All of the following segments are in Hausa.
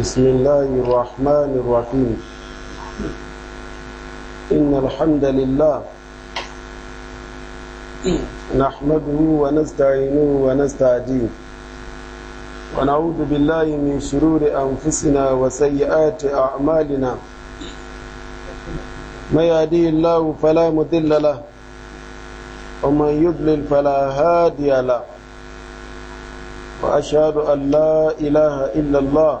بسم الله الرحمن الرحيم إن الحمد لله نحمده ونستعينه ونستهديه ونعوذ بالله من شرور أنفسنا وسيئات أعمالنا ما يهدي الله فلا مضل له ومن يضلل فلا هادي له وأشهد أن لا إله إلا الله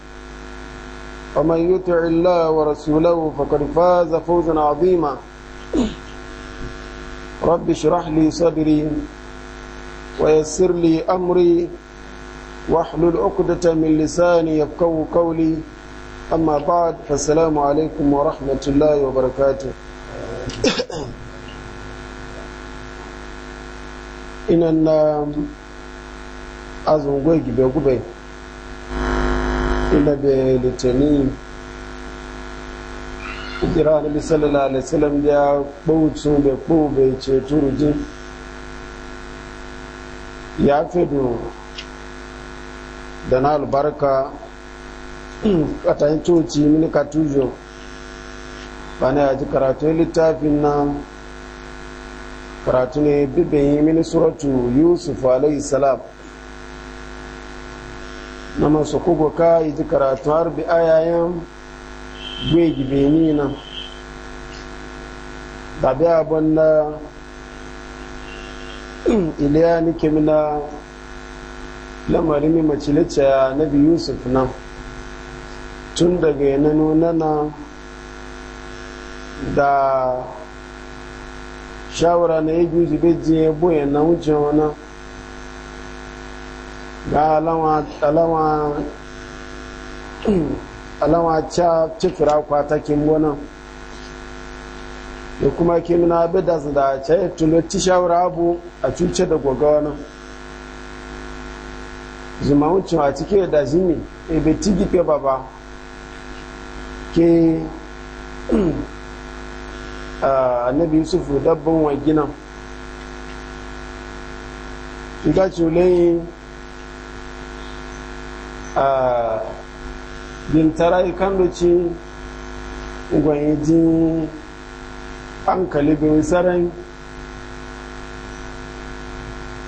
ومن يطع الله ورسوله فقد فاز فوزا عظيما رب اشرح لي صدري ويسر لي امري واحلل عقدة من لساني يفقهوا قولي اما بعد فالسلام عليكم ورحمة الله وبركاته إن أزنقوي جبه ila be litini kira nabi sallallahu alaihi da ya bautu be ko be ce turuji ya fedu da na albarka katayin coci mini katujo ba na yaji karatun littafin nan karatu ne bibin mini suratu yusuf alaihi salam na masu kuka ka yi karatu har bi ayayen gwegi beni nan tabi abin na iliya nike mina lamarin macilice na bi yusuf na tun daga yana nuna na da shawara na ya juzi bejiye boye na wuce wani ga alawa ca hmm, cifira kwatakin gonan da kuma kimina su da ca yi ci shawara abu a cuce da goga wani zuma wucin a cike da zini ebe tigi ba baba ke hmm, annabi yusufu dabban wa gina ga culayin a bintara ikandoci gwayejin hankali bin sarai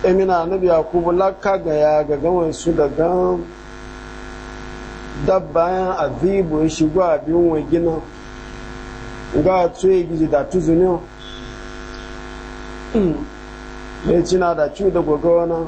emina nabi yakubu laka ga ya ga gawan su da gan dabbayan azibu ya shigo abin wa gina ga tsoye gizi da tuzuni mai hmm. cina da cu da gogawa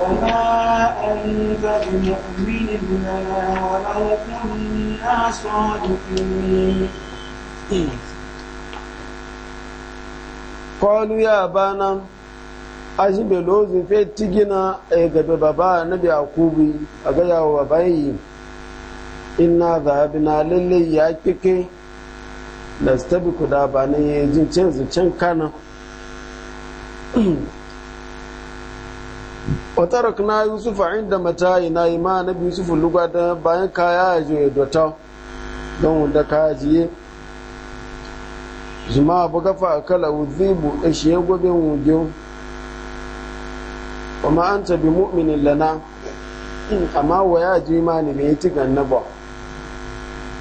وما أنت بمؤمن لنا ولو كنا صادقين قالوا يا أبانا fe tigina a gabe baba na biya kubi a gaya wa bayi ina zahabi na lalle ya kike da stabi kuda ba na ya jin watarak na yusuf a inda matayi na yi ma na biyu sufu luga da bayan kaya ya je ya dota don wanda kaya jiye zuma abu gafa a kala wuzibu da shi ya gobe wujo kuma an tabi mu'minin lana amma wa ya ji ma ne mai ti gannaba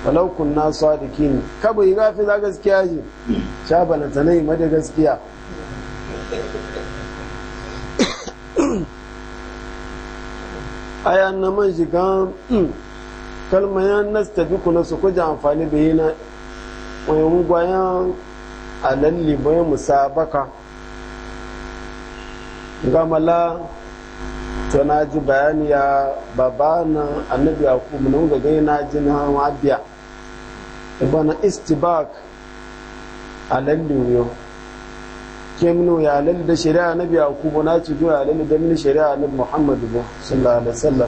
walau kunna sadiqin kaba yi gafi za gaskiya ji sha balanta na ma gaskiya aya na man shiga hmm, ya na tafi kuna su kuje amfani da yi na gwayan alalli bayan musabaka gamala to na ji bayani ya baba na annabi a kuma nan ga gani na ji na wabiya ibana istibak alalli yau kemino ya lalle da shari'a na biya ku bo na ci ya lalle da mini shari'a na muhammadu bo sallallahu alaihi wasallam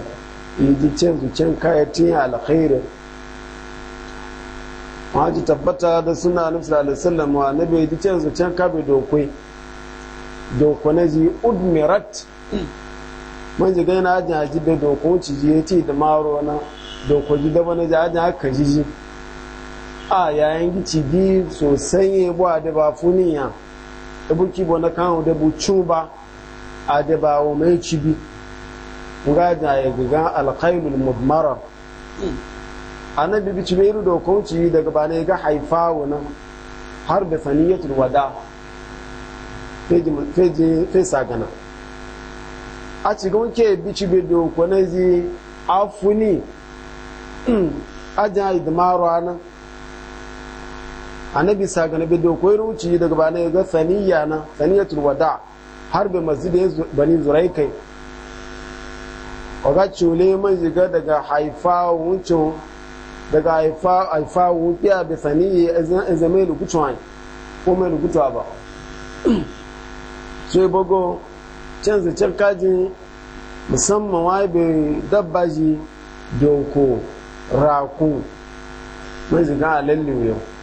idi cin su cin kayatin alkhairi ma ji tabbata da sunna na sallallahu alaihi wasallam wa nabi idi cin su cin kabe dokoi doko na ji udmirat man ji gaina ajin haji da doko ci ji ya ce da maro na doko ji da na ji ajin haka ji ji a yayin gici bi sosai ya ba da ba funiya ebu kibo na kawo da bu cuba a da ba wa mai cibi ga da ya gaga alqailul mudmara annabi bi cibi da kunci daga ba ne ga haifa wannan har da saniyatul wada feje feje fesa gana a ci gon ke bi cibi da do afuni ajai da idmaru anan annabi sa ga nabi dokoyi ruci daga bana ga saniya na saniyatul wada har bai masjidin bani zurai kai oga cule man shiga daga haifa wucin daga haifa haifa a bi saniya zama lukutu wani ko mai lukutu ba sai bago can zancen musamman wai bai dabba ji doko raku mai ziga a lallewa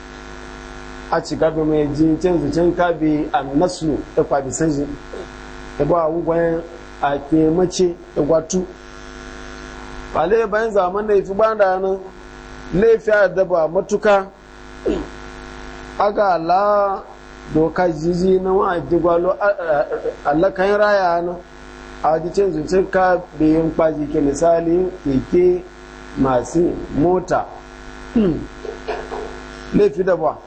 a ci gaga mai ji can kabi a nasu da kwabi sanji da ba wugwayen a ke mace da gwatu ba le bayan zaman da ifi bayan da nan laifi a daba matuka aga la doka jiji na wa digwalo alakan raya nan a jicin zucen kabi yin kwaji ke misali keke masu mota hmm. laifi da ba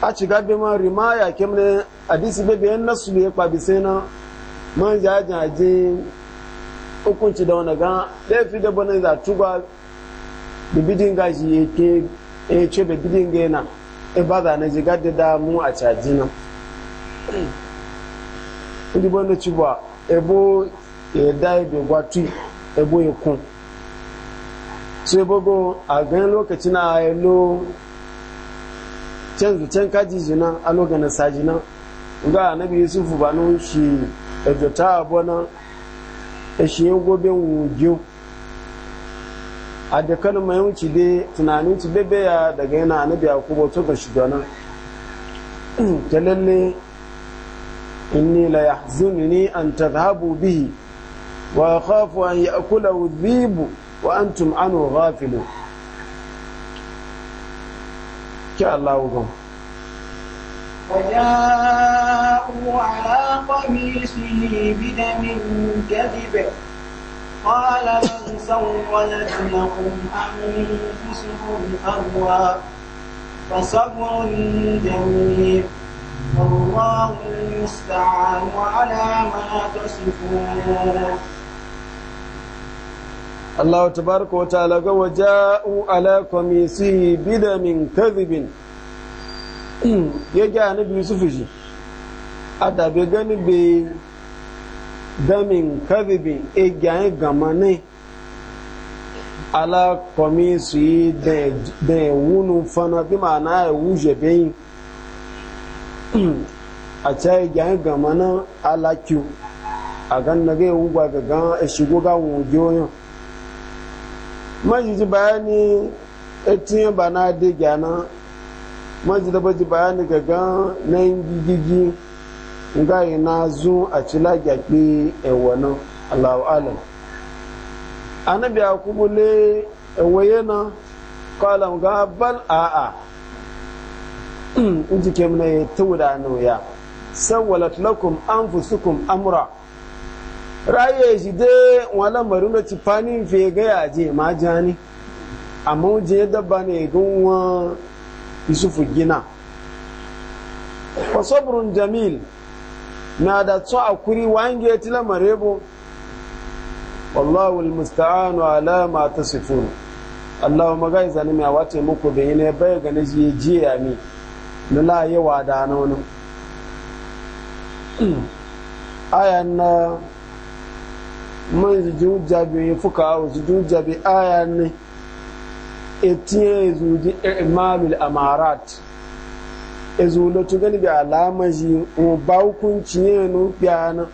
a ci gabe ma rima kem ne hadisi bebe yan nasu biye kwabi sai na man aji hukunci da wani gan laifi da bane za tuba da bidin gaji ya ke ya ce da bidin gaina e, e ba za na ji gadi da mu a caji na kudi bane ci ba ebo ya da ya bai gwatu ebo ya kun sai bogo a ganin lokaci na ya lo can can kaji jina alo gana sajina ga annabi yusufu ba nun shi ejota eh, abona eh, yin gobe wujo a da mai wuce dai tunanin ci bebe ya daga yana annabi yakubu to ga shugana ta lalle inni la yahzunni an tadhhabu bihi wa akhafu an ya'kulahu dhibu wa antum anhu ghafilun يا الله وقوم وجاءوا على قميصه بدم كذب قال من سولت لكم أنفسهم أمرا فصبر جميل والله المستعان على ما تصفون Allah tabaraka wa ta'ala ga ala qamisihi bidamin kadhibin ya ga annabi Yusuf shi adabe gani be damin kadhibin e, e ala qamisihi de de wunu fana bi ma'ana ya e wuje bayin a cayi e gyan gamanan alakiu a na majiji bayani etiyan ba na de gana maji da baji bayani gaga na gigigi nga ina zu a cila gyakpe ewanan allahu alam anabi akubule ewaye na kalam ga bal a'a in ji kemna ya tawda nauya sawwalat lakum anfusukum amra raye shi dai wala maruna ci fani fe ga je ma jani amma je dabba ne gunwa yusufu gina fasobrun jamil na da tso a kuri wange tila marebo wallahu almusta'anu ala ma tasifun Allah ma ga zalimi a wace muku bai ne bai ga na je je ya na la yawa da nan aya na man ji jin jabe ya fuka hawa su jin jabe aya ne etiye e zuji imalul e, e, amarat e lo tu gani bi alama ji o ba hukunci ne no biyana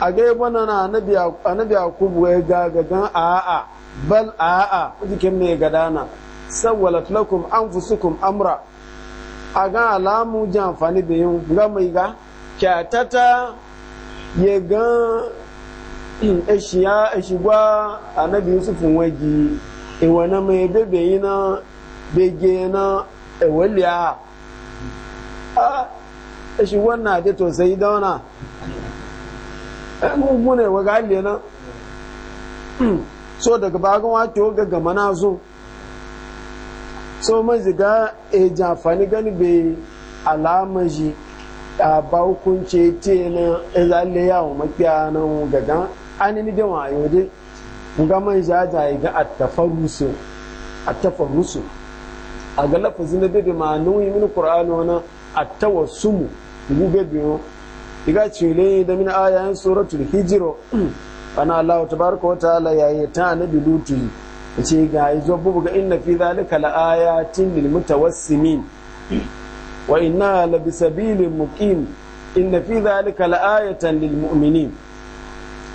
a ga bana na anabi anabi akubu ga ga gan a'a bal a'a kuje me gadana sawwalat lakum anfusukum amra a ga alamu ji amfani da yin ga mai ga kyatata ya gan Mm. eshiya eshigwa anabi yusuf nweji ewe na ma ebebeghị na bege na eweliya a eshigwa na adị tosai dauna ugbu na e, ewe ga na mm. so daga bagan wake oga gama na zo so maziga eji amfani gani bai alamaji a ba hukunce te na ezalayawa na nan gagan anini da wayo dai ga man jajaye ga attafarusu attafarusu a ga lafazi na bebe ma nuyi min qur'ani wana attawassumu gube biyo iga ne? da min ayan suratul hijro ana Allah tabaraka wa ta'ala yayi ta annabi lutu ce ga izo bubu ga inna fi zalika ayatin lil mutawassimin wa inna la bisabilin muqim inna fi zalika ayatan lil mu'minin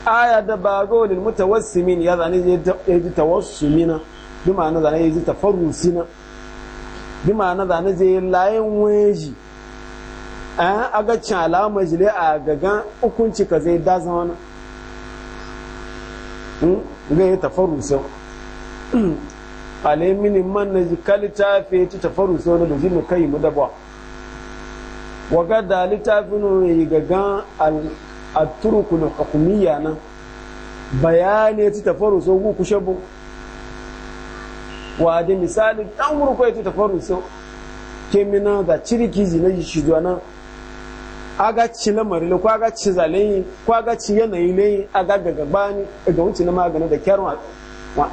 aya da bago lil mutawassimin ya zane ya ji tawassumina bi ma'ana zane ya ji tafarrusina bi ma'ana zane je layin weji eh, a aga cin alama jile a gagan hukunci ka zai da zama hmm, na ga ya tafarrusa alemini man na ji kalita fi ta tafarrusa wani da jini kai mu dabwa waga da littafin yi gagan a turukul hukumiyya na bayani ta tafaru so ku kushe bu wa da misali dan gurkwai ta tafaru so kemina da ciriki zina shi zuwa nan aga ci lamarin ko aga ci zalayi ko aga ci yanayi ne aga daga bani daga wuce na magana da kyar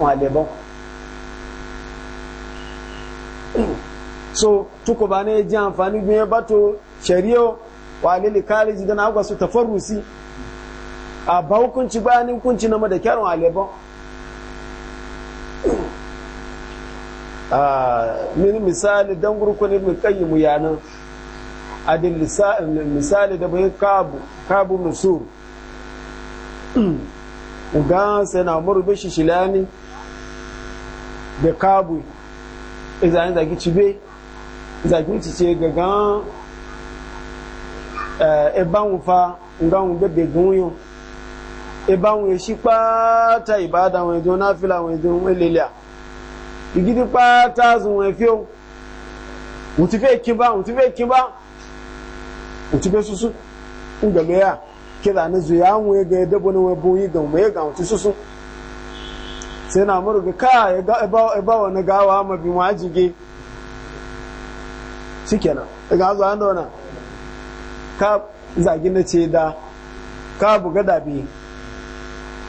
wadaban so tuku ba ne ji amfani biyan bato shari'o wa lili khariji dan agwa su tafarrusi a ba hukunci bayanin hukunci na da kyarun aleba min misali don dan gurkun ibn qayyim yanan adil misali da bai kabu kabu nusur uga sai na umar bishi shilani da kabu idan zagi cibe zagi cice gagan ebe eh, ahụ fa nga ahụ bebe gụnyo ebe ahụ eshi kpata ibada nwee dị e e e na afila nwee dị nwe lele a igidi kpata azụ nwee fio ntife kiba ntife kiba ntife susu ngabe ya kida ni zuya anwe ga edebo ni webu yi ga mwe ga nti susu sai na muru kaa ka eba wani gawa ma bi ma ajige shikenan ga zo an dona ka zagi na ce da ka buga dabe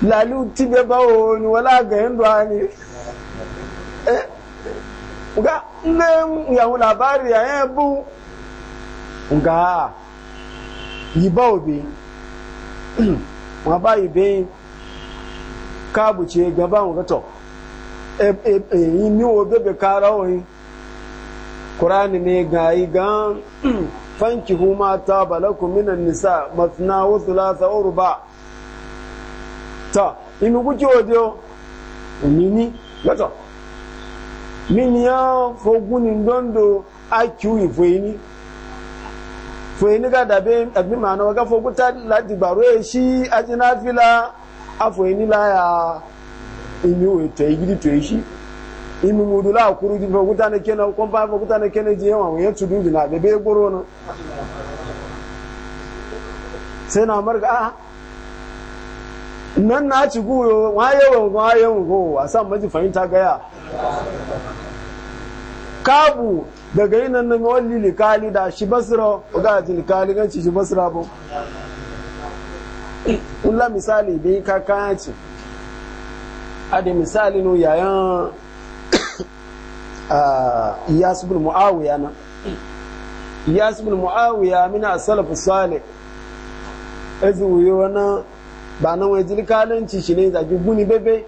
lalu tibe bawo ni wala ga yin duwa eh, ne ga nne yawon labari ya yi bu ga yi ba obi wọn bá yi bẹ́yìn káàbù tí gaba wọn gẹ́tọ̀ èyí ni wo bẹ́bẹ̀ kára òyìn kúránì ni ga yi gan fankihu ma taba lakum minan nisa mathna wa thulatha wa ruba ta imi kuki odio nini lato mini ya foguni ndondo akiu ifoyini foyini ga dabe abi mana waga foguta lati gbaro eshi ajinafila afoyini la ya imi weto igidi to eshi imi mudu la kuru di fo kutane kena ba fa kutane kene je wa yen tudu di na bebe goro na sai na marga a ah, nan na ci guyo wa yawo wa yawo go a san maji fahimta gaya kabu daga yin nan mai wani likali da shi basira ga ji likali ganci shi basra bo kula misali bai ka kaya ce a da misali no yayan iyas bin muawiya nan iyas bin muawiya mina salafu salih ezi wuyo wani ba nan wai jilkalanci shi ne zagi guni bebe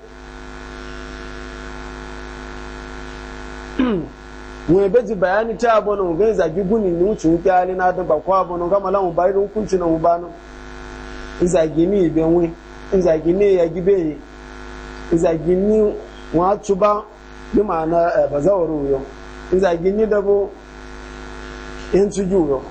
wani beji bayani ta abu na mugai zagi guni ne wuce wuke hali na don bakwa abu na gama lamu bayan hukunci na mubanu in zagi ni ibe nwe in zagi ne ya gibe yi in zagi ni wọn atuba bi ma'ana eh, ba zawaru ruru in za gini dabo in su yo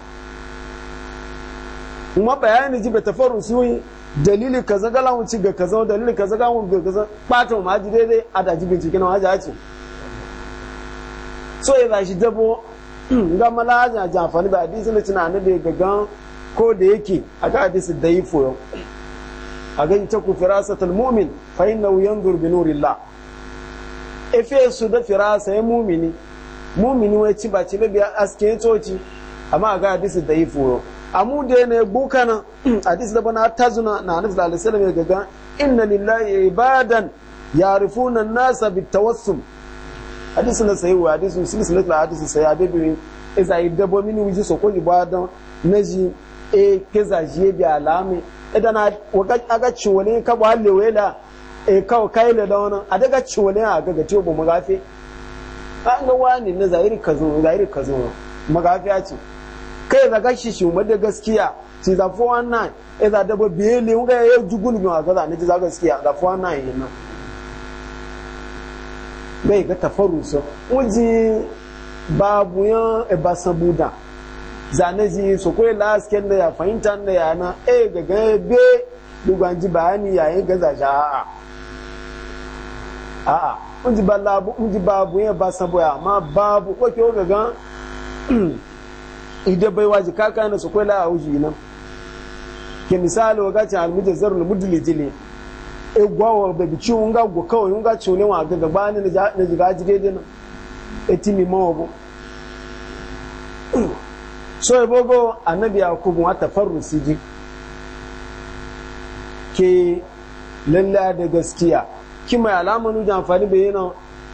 kuma bayani ji bata faru su yi dalili kaza gala mu ci ga kaza dalili kaza gala mu ga kaza bata ma ji daidai a ji bincike na haji haci so ya shi dabo ga malaji a amfani ba hadisi na na da ya gagan ko da yake a ga hadisi da yi foyo a ga ta ku firasatul mu'min fa innahu yanzur bi efe su da firasa ya mumini mumini wai ci bace bai biya aske coci amma ga hadisi da yi furo amu da ne buka nan hadisi da bana tazuna na hadisi da alisala mai gaga inna lillahi ibadan yarifuna nasa bi tawassum hadisi na sayi wa hadisi musulmi sulat la hadisi sayi abebi iza dabo mini wuji so ko ibadan ji e keza jiye bi alami idan aga ciwone ka ba halewela e eh, kawo kai da wani a daga ciwolin a ga gace ba magafe an ga wani na zahiri ka zo zahiri ka zo a ce kai zaga shi shi umar da gaskiya ci zafi wannan e eh, za da biye ne wuga ya yi jugun biyu a gaza na ji za gaskiya zafi 419 yi nan bai ga tafaru so uji babu yan ebasan buda zane ji so ko la asken da ya fahimta da ya na e eh, ga ga be dugan ji bayani yayin gaza ja'a a'a ah, unji ba labu babu ya ba sabo ya amma babu ko ke ga gan ide bai waji kaka na su kwela a wuji nan ke misali waga cin almijin zaru na mudule jile e gwawa ba bi ciwon ga go kawai yun ga ciwon wa ga gaba ne na jiga ji daidai nan e timi mawa bu so e bogo annabi yakubu wa tafarrusi ji ke lalla da gaskiya kima alama nu da amfani bai yana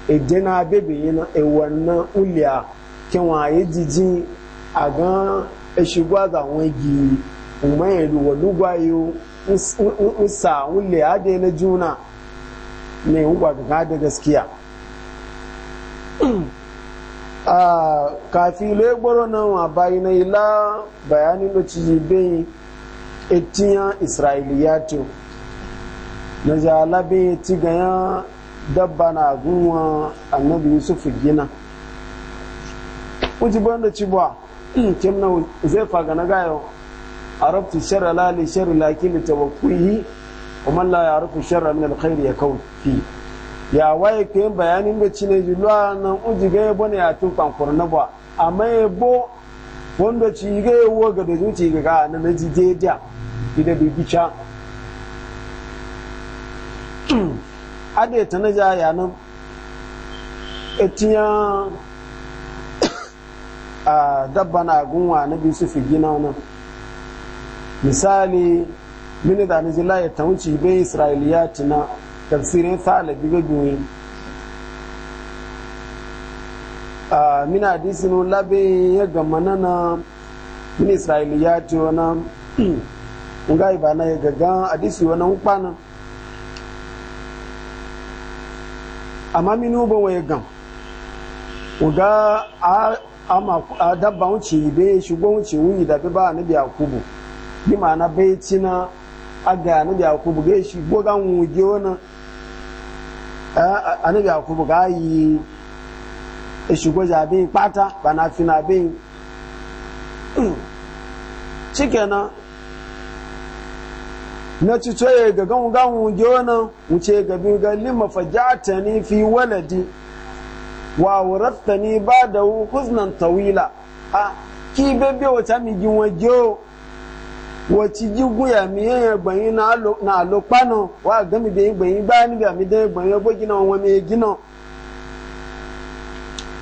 ede na abe bai yana ewanna uliya kewa ya jiji a gan eshigwa za wọn gi umaru ilu wadugwa yi nsa uliya da na juna ne ngwa ga da gaskiya a kafi ile egboro na wa bayi na ila bayanin da ci bai etiyan israiliyatu na jalabe ti gaya dabba na gunwa annabi yusuf gina uji banda ci ba kim hmm, na zai faga na gayo arabti sharra la li sharri lakin tawakkuhi wa man la ya'rifu sharra min alkhair yakun fi ya waye ke bayanin da ci ne julwa nan uji ga yabo ne ya tun kankur na ba amma yabo wanda ci ga yawo ga da zuci ga na na ji da ida bibica ada ta na jaya nan etiyan a dabba na gunwa na bisu fi na wani misali mini da ni jila ya tawuci bai isra'iliya tina tafsirin thalabi ga gini a mina hadisin labe ya gama na mini isra'iliya ti wani ngai ba na ya gaga hadisi wani kwanan amma minu ubo wai gam uga a dabba wuce be shugo wuce wuyi da ba na bi ma bi ma'ana bai tina aga na be kubu ga shi goga wuge wani a na biya kubu ga yi hmm. shugo zabe pata bana na fina chicken na. na ci coye ga gan gan wuje wuce ga bi ga lima fajatani fi waladi wa wurattani ba da huznan tawila a ki bebe wata mi gin waje ji, jigun ya mi yen egbeyin na lo na lo pano wa gan mi be egbeyin ba ni ga mi dan egbeyin obo gina won mi gina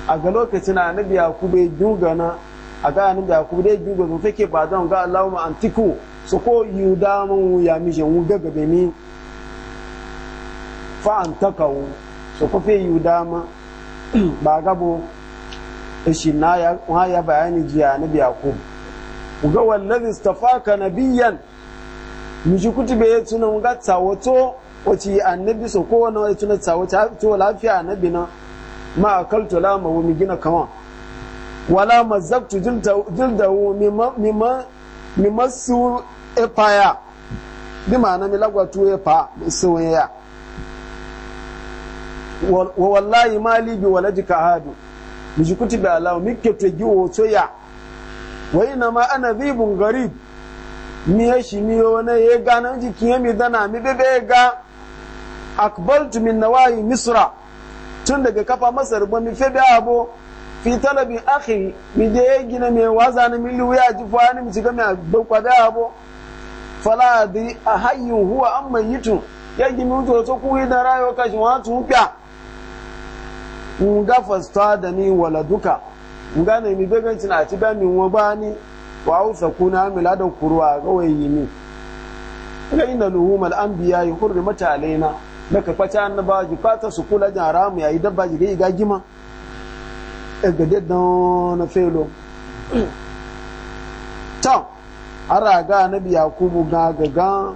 a ga lokacin annabi yakube dugana a ga annabi yakube dai dugo fake ba zan ga Allahumma antiku so yiwu yi ya mi wu daga da mi fa an takawu so ko fe yi dama ba gabo e shi na ya ya bayani jiya na biya ku uga wallazi istafaka nabiyan mi ji kutube ya tuna mu ga tsawoto wace annabi so wani wace tuna tsawoto to lafiya annabi na ma akaltu la ma mi gina kama wala mazaktu jildahu mimma mimma mimassu epa ya bi ma'ana mi tu epa sun ya wa wallahi mali bi waladika hadu mi jikuti bi alaw mi keto e so ya wa ina ma ana dhibun garib mi ya mi yo na ye ga na ji kiyen mi dana mi be ga akbaltu min nawahi misra tun daga kafa masar ba mi bi abo fi talabi akhi mi de gina mi waza na mi luya ji fa ni mi shiga mi dokwa da abo fala adri ahayyun huwa am mayitun ya gimi to to ku da rayo ka shi watu nga fasta da ni wala duka nga ne mi bebe tin a ti ba mi won ba ni wa usa kuna yi ni? kurwa ga wayi mi ga inna luhumal anbiya mata alaina daga fata ba ji fata su kula jan ramu yayi dabba ji ga iga gima ga na felo ara ga nabi yakubu ga gaga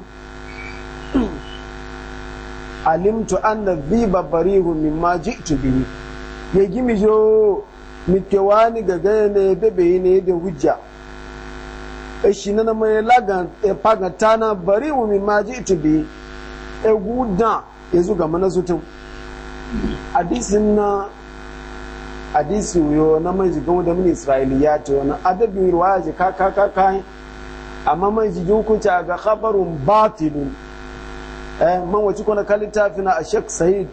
alimtu anna dhiba barihu mimma ji'tu bihi ya gimi jo mitewani gaga ne bebe ne da hujja e shi na na mai e paga na barihu mimma ji'tu bihi guda e yazu ga mana zutun hadisin na hadisi yo na mai jigan da mun isra'iliya ta wani adabi ruwaya ka ka ka ka amma man ji hukunci a ga khabarun batilun eh man wace kuna kalita fina a Sheikh Said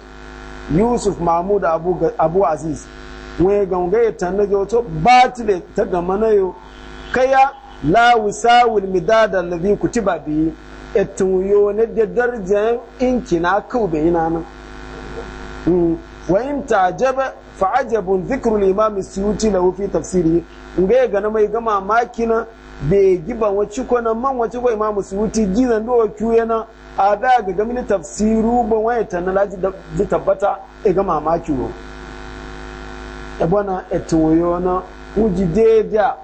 Yusuf Mahmud Abu Abu Aziz we ganga ya na ga wato batile ta gama na yo kaya la wisawil midad alladhi kutiba bi etuyo ne da darjan inki na kube ina nan hmm. wa in ta'jaba fa ajabun dhikru al-imam as-suyuti lahu fi tafsirihi ngai ga na mai gama makina bai giban wacce kwanan man wacce kwa imamu suwuti gizan dowa na a da ga gamini tafsiru ban waya ta na laji da tabbata e ga mamaki wo e bana e toyo na uji deja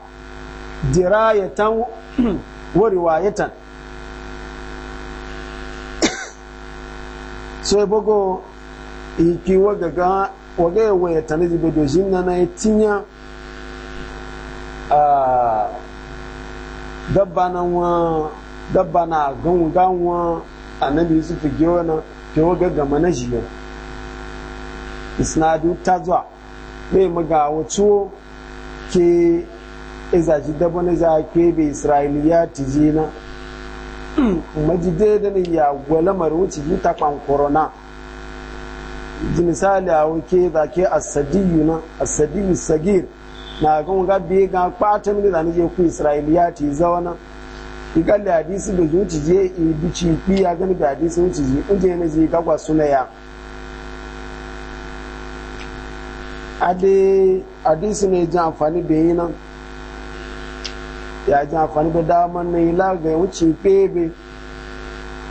dirayatan wa riwayatan so e bogo iki wagaga waga e ya waya ta na e zibe dojin na na ya e tinya a dabba na wa dabba na gan na annabi yusuf ke wannan ke ga gama na jiya isnadu ta zuwa bai maga wato ke izaji dabba na za ke bai isra'iliya na majide da ne ya gwala marwuci yi ta kwankoro na misali a wake zake asadiyu na asadiyu sagir na kan ga bi ga kpata mini da nije ku isra'iliya ti zauna zawana ikalli hadisi da zuci je ibici biya gani da hadisi zuci je inje na je gagwa suna ya ade hadisi ne ja amfani da yin nan ya ja amfani da daman ne ila ga wuci bebe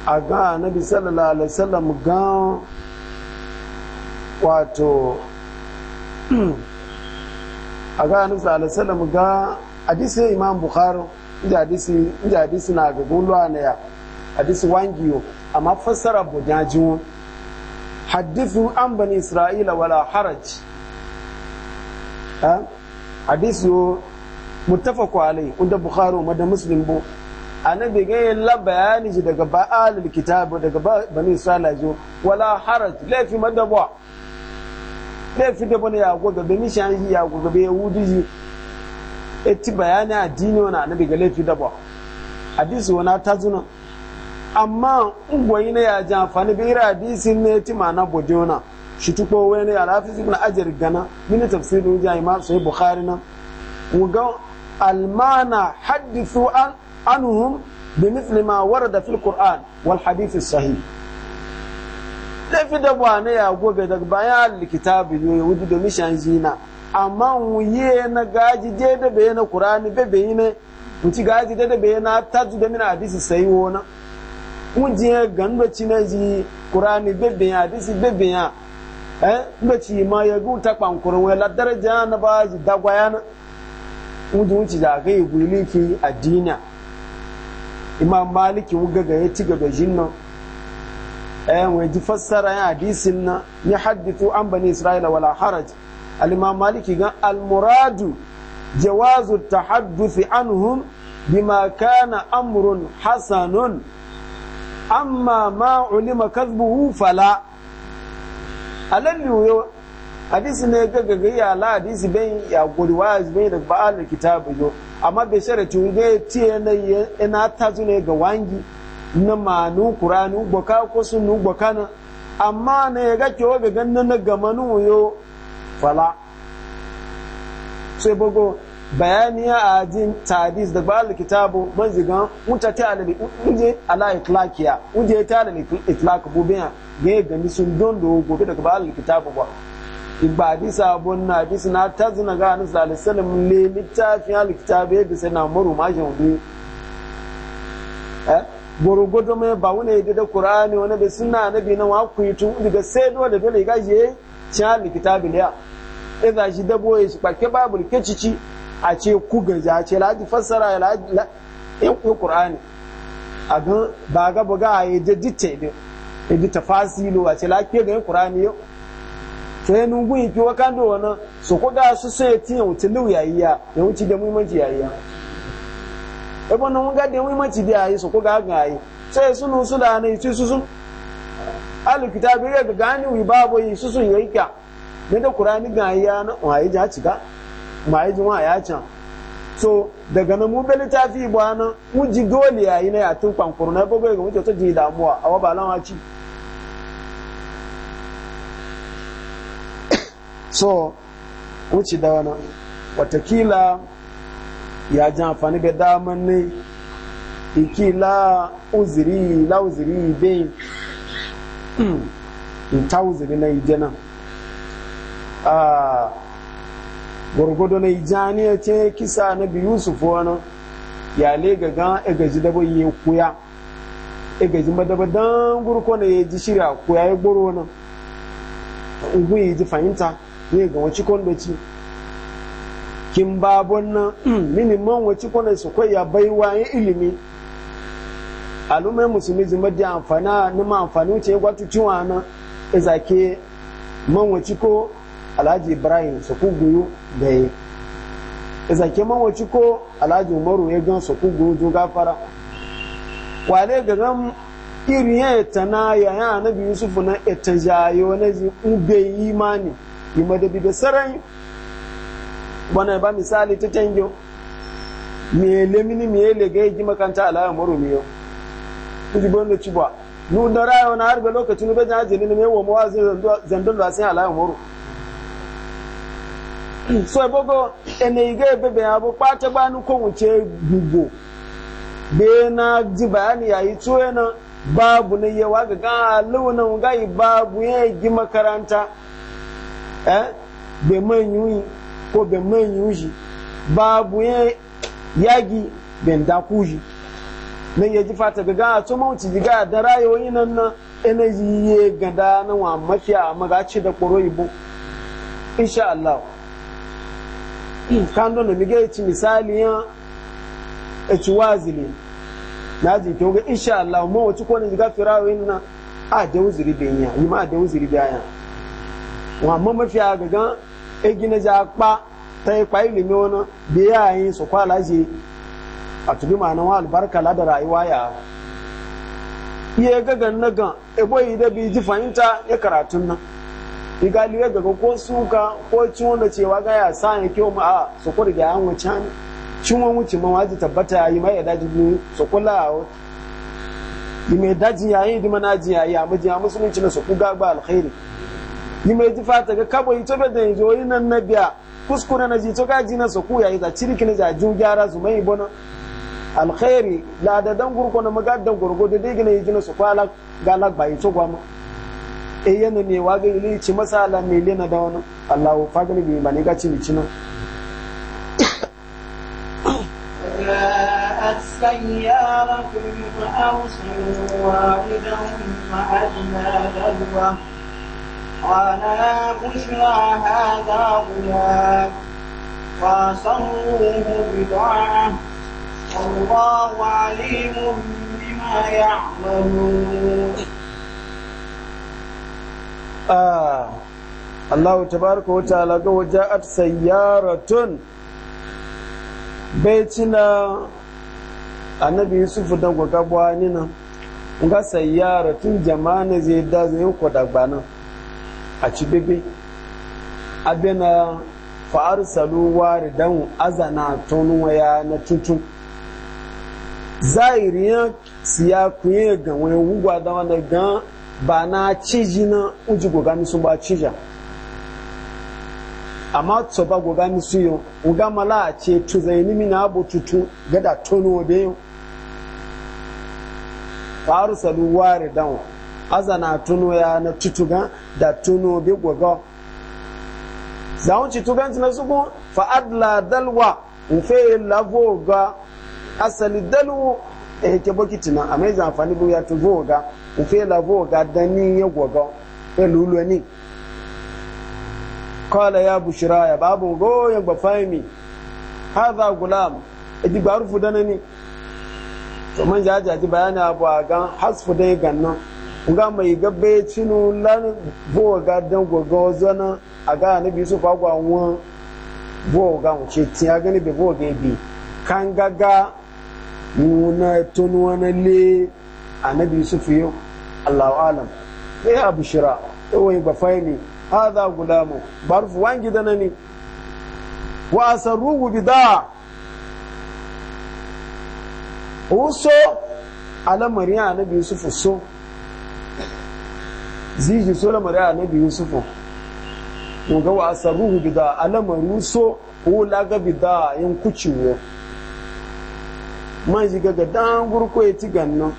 a ga annabi sallallahu alaihi wasallam ga wato a ga annabi sallallahu alaihi ga hadisi imam bukhari inda hadisi inda hadisi na ga gulwa na hadisi wangiyo amma fassara bujajiwo hadithu an bani isra'ila wala haraj ha eh? hadisi yo muttafaqu alai inda bukhari da muslim bo annabi ga yalla labayani ji daga ba'al kitab daga bani isra'ila jo wala haraj lafi madaba laifin da bane yago gabe nishan yi yago gabe yahudi yi eti bayani addini wani annabi ga laifi da ba hadisi wani ta zuna amma ungwayi na ya ji amfani bi ira hadisi ne ti mana boje wana shi tuko wani alhafiz ibn ajar gana mini tafsirin ji imam sai bukhari na ga almana haddisu an anhum بمثل ما ورد في القرآن hadisi الصحيح tafi da ba na ya gobe daga bayan likitabi ne wudu domin shan zina amma wuye na gaji je da bai na kurani bai bai ne wuci gaji da bai na taji da mina hadisi sai wona wuje gando ci na ji kurani bai bai hadisi bai bai eh ndo ci ma ya gu ta kwankuru wai la daraja na ba ji dagwaya na wuje wuci da ga yi guliki addina imam maliki wuga ga ya ci gaba jinnan ayan eh, ji fassara ya hadisin na ya haddithu an bani isra'ila wala haraj al-imam maliki gan al-muradu jawazu tahadduthi anhum bima kana amrun Hassanun, amma ma ulima kadhbuhu fala alalliyo yo hadisi ne ga ga ya la hadisi bai ya gori wa bai da ba'al kitabu yo amma bai sharati bai tiye na ina tazu ne ga wangi na manu kuranu gboka ko sunu gboka na amma na ya ga kewa ga ganna na gamanu yo fala sai bago bayaniya a jin tadis da ba kitabu man zigan wuta ta ni uje ala itlaqiya uje ta alali itlaq bubiya ga gani sun dondo gobe daga ba kitabu ba igba hadisa abun na hadisi na tazina ga anu sallallahu alaihi wasallam le littafin alkitabe bi sai na muru majin hudu eh gwargwado mai ba wani yadda da kur'ani wani da suna na bi na waku yi tun da sai duwa da dole ga je shi ha kita biliya iza shi dabo ya shi kpakke babu ke cici a ce ku gaja ce laji fassara ya laji in ku kur'ani a don ba ga buga a yi da dita ya ido ta fasilo a ce lafiya ga yin kur'ani yau to yi nungun yi fi kan da wani so ko su sai ya tiyan wuce lau yayi ya wuce da muhimmanci ya. ebe na nwoga dị nwa imachi dị anyị sokwa ga ga anyị sai esu na usu na na isu susu alukita bi ga ga ni wi babo yi susu yi ka ne da qur'ani ga ya na wa yi ja ma yi juma ya can so daga na mu be litafi ba na mu ji dole yayi na ya atụ kwankuru na gogo ga mutu to ji damuwa awa ba lan waci so wuce watakila ya ji amfani da daman ne iki la uziri la uziri bai in hmm. ta uziri na ije nan a gwargwado na ah. ijaniya ce kisa na biyu su wani ya le gaga egaji daba ya kuya egaji madaba don gurko na ya ji shirya kuya ya e gboro nan ugun ya ji fahimta ne ga wacce kwandoci kin babon nan mm. mini man wace kwanan su kwaya baiwa yin ilimi alumai musulmi zima da amfana na ma amfani wuce gwatu ciwa na izake man wace ko alhaji ibrahim su ku guyu da ya izake man wace ko alhaji umaru ya gan su ku guyu jo gafara kwale ga nan irin ya na ya ya anabi yusufu na jayo na zi ube imani imadabi da sarai bana ba misali ta canjo mele mini mele ga yi makanta alayan maro miyo tuji bonda ci ba nu da rayo na harbe lokacin ba jan ajini ne mewa mawa zandun da sai alayan maro so ebogo ene iga ebebe ya bu pata gbanu ko wuce gbugbo be na ji bayani yayi tuwe na babu na yawa ga ga launan gai babu ya yi makaranta eh be man yi ko ben manyu shi babu ya yagi ben daku shi nan ya ji fata ga ga to mawuci ji ga da rayoyi nan na energy ye gada na wa mafiya magaci da koro ibo insha Allah Kando na da mige ci misali ya ci wazili na ji to ga insha Allah mu wuci ko ne ji ga firayoyin nan a da uzuri ben yi ma da uzuri da ya wa mafiya ga ga egi na ja kpa ta yi kwayi limi wani biya yi su kwala je a tubi ma'anan wa albarka da rayuwa ya iya gagan na gan ebo yi da bi ji fahimta ya karatun nan igali ya gaga ko suka ko ciwon da cewa ga ya sa ya kyau a su kwa an wuce ne ciwon wuce ma waje tabbata ya yi mai ya daji ne su kula a wata yi mai daji yayi di mana ji yayi a majiya musulunci na su kuga ba alkhairi ni mai ji ta ga kabo ito be da zo yi nan na biya kuskure na jito to ga ji na so ku yayi yi da cirkin ja ju gyara su mai bona alkhairi la da dan gurko na maga dan gurgo da dai gina yi gina su kwala ga la ba ito gwa mu e yana ne wa ga ili ci masala ne le na da wani Allah fa ga ni ba ne ga ci ni cinan جاءت سيارة فأرسلوا واردهم فأدنى دلوه Wa dala kusɗa ta ga wu ɗan Wasan wu mu biɗo an Kuma wa limu mu ma ga wuce ati sayi yara tun bai ci a na bi yi sufuri daga ko ka bɔ a tun jama'a ne zai da ko dagbana. a ci bebe salo fa'arsalu waridan azana tonuwa waya na tutu zairiya siya kuye ga wani wugwa da wani gan ba na ciji na uji gogami sun ba cija amma tso ba gogami su yi wuga mala a ce nimi na abu tutu gada tonuwa bayan fa'arsalu azana tunu ya na tutuga da tunu bi gwaga zawon citugan na suku fa adla dalwa ufe la ga asali dal'u eh ke bokiti na a mai zamfani bu ya tuvo ga ufe la ga dani ya gwaga pẹ̀lú e lónìí kala ya bushira ya babu goyon gbafahimi hadha gulam idigbaru e fudanani to man jajaji bayani abu a gan dai gannan nga mai gabe cinu lan bo ga dan gogo zana aga ne bi su fagwa won bo ga mu ce ti aga ne be bo ga bi kan gaga muna tun wani le annabi su yau Allahu alam sai e abushira e wai ba faini hadha gulamu na wangi danani wa asarruhu bida uso alamari annabi su so. ziji so lamari annabi yusufu ko ga wa asarruhu bida alamaru so ko laga bida yin kuciwo man shiga ga dan gurko ya ci gannan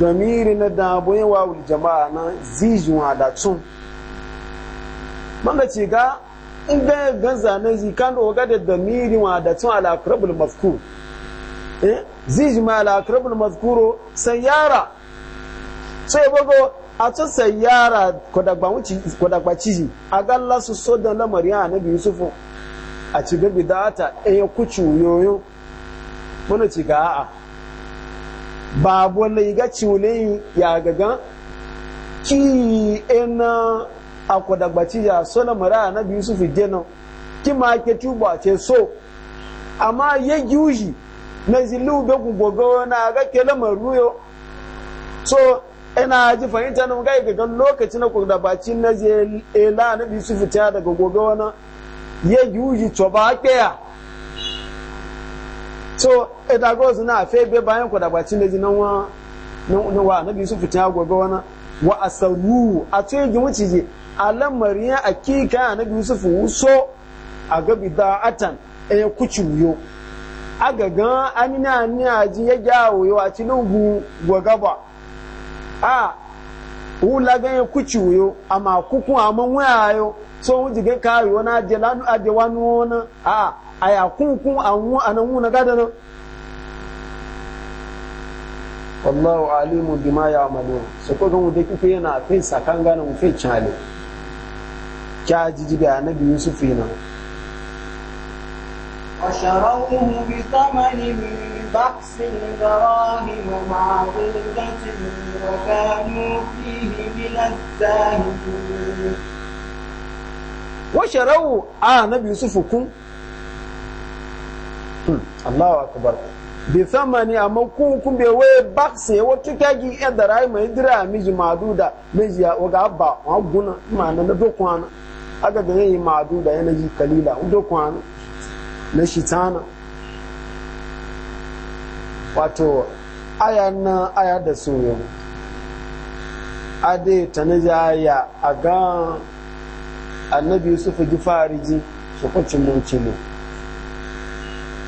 damiri na dabo yawa wul jama'a na wa da tun man ce ga in ga ganza na zi kan o ga da damiri wa da tun ala krabul mazkur eh ziji ma ala krabul mazkuro sayara sai bago ato sayyara kwadagba ciji a galla su so da lamari a nabi yusufu a ci gabi da ta ɗaya kucu yoyo mana ci ga a'a babu wani ga ciwule ya gaga ki ina a kwadagba ciji a so lamari a nabi yusufu jena ki ma ke tubu a ce so amma ya yuji na zilu da gugogo na ga ke lamaru yo so ina ji fahimta na mugai ga lokaci na kuma da bacin na je ela na bi su fita daga gobe wani ya yuji to ba kaya so ita go su na afe be bayan ku da bacin na ji nan wa na wa na bi su fita gobe wani wa asalu a ce ji wuce ji alamari ya akika na bi su fuso a ga bida'atan e kuci wuyo a gagan amina ni aji ya gyawo yawa cilugu gwa a wula ganye kuci wuyo amma ama amma wayayo so wun kawo kayo aje lanu aje wani wani a a ya kukun anwu anan wuna gada nan wallahu alimu bima ya amalu so ko gan yana fin sakan ganin fin chale kya jiji da annabi su fina. وشروه بثمن بأس دراهم معروضة وكانوا فيه من الزاهدين وشروا آه نبي الله أكبر ba wa guna ma na dokwana aga maduda kalila na shitana wato ayan na aya da soyo ade ta na jaya a ga annabi yusuf ji fariji su kwaci munci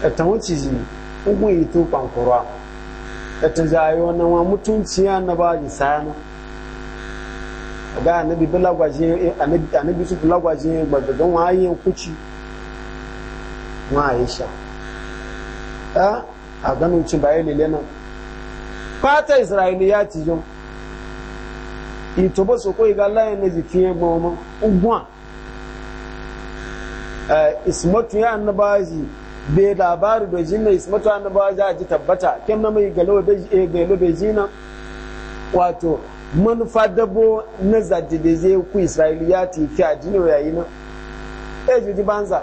a e ta wuce ji ugun yi to a e ta jayi wannan wa mutunci ya na ba ji sana a ga annabi bi lagwaje annabi yusuf lagwaje gbagagan waye kuci wọn àyíṣà ẹ́ àgbọ́nù tí báyé lè náà pátá ìsìráìlì yá ti yọ ìtòbósòkó ìgá láyé méjì fi ń gbọ́n ọmọ ugbọ́n ismatu ya annabaji bai labaru da jina ismatu annabaji a ji tabbata kyan na mai galo eh, bai jina wato manufa dabo na zadidai zai ku isra'iliya ti fi a jini yayi na ɗaya eh, jiji banza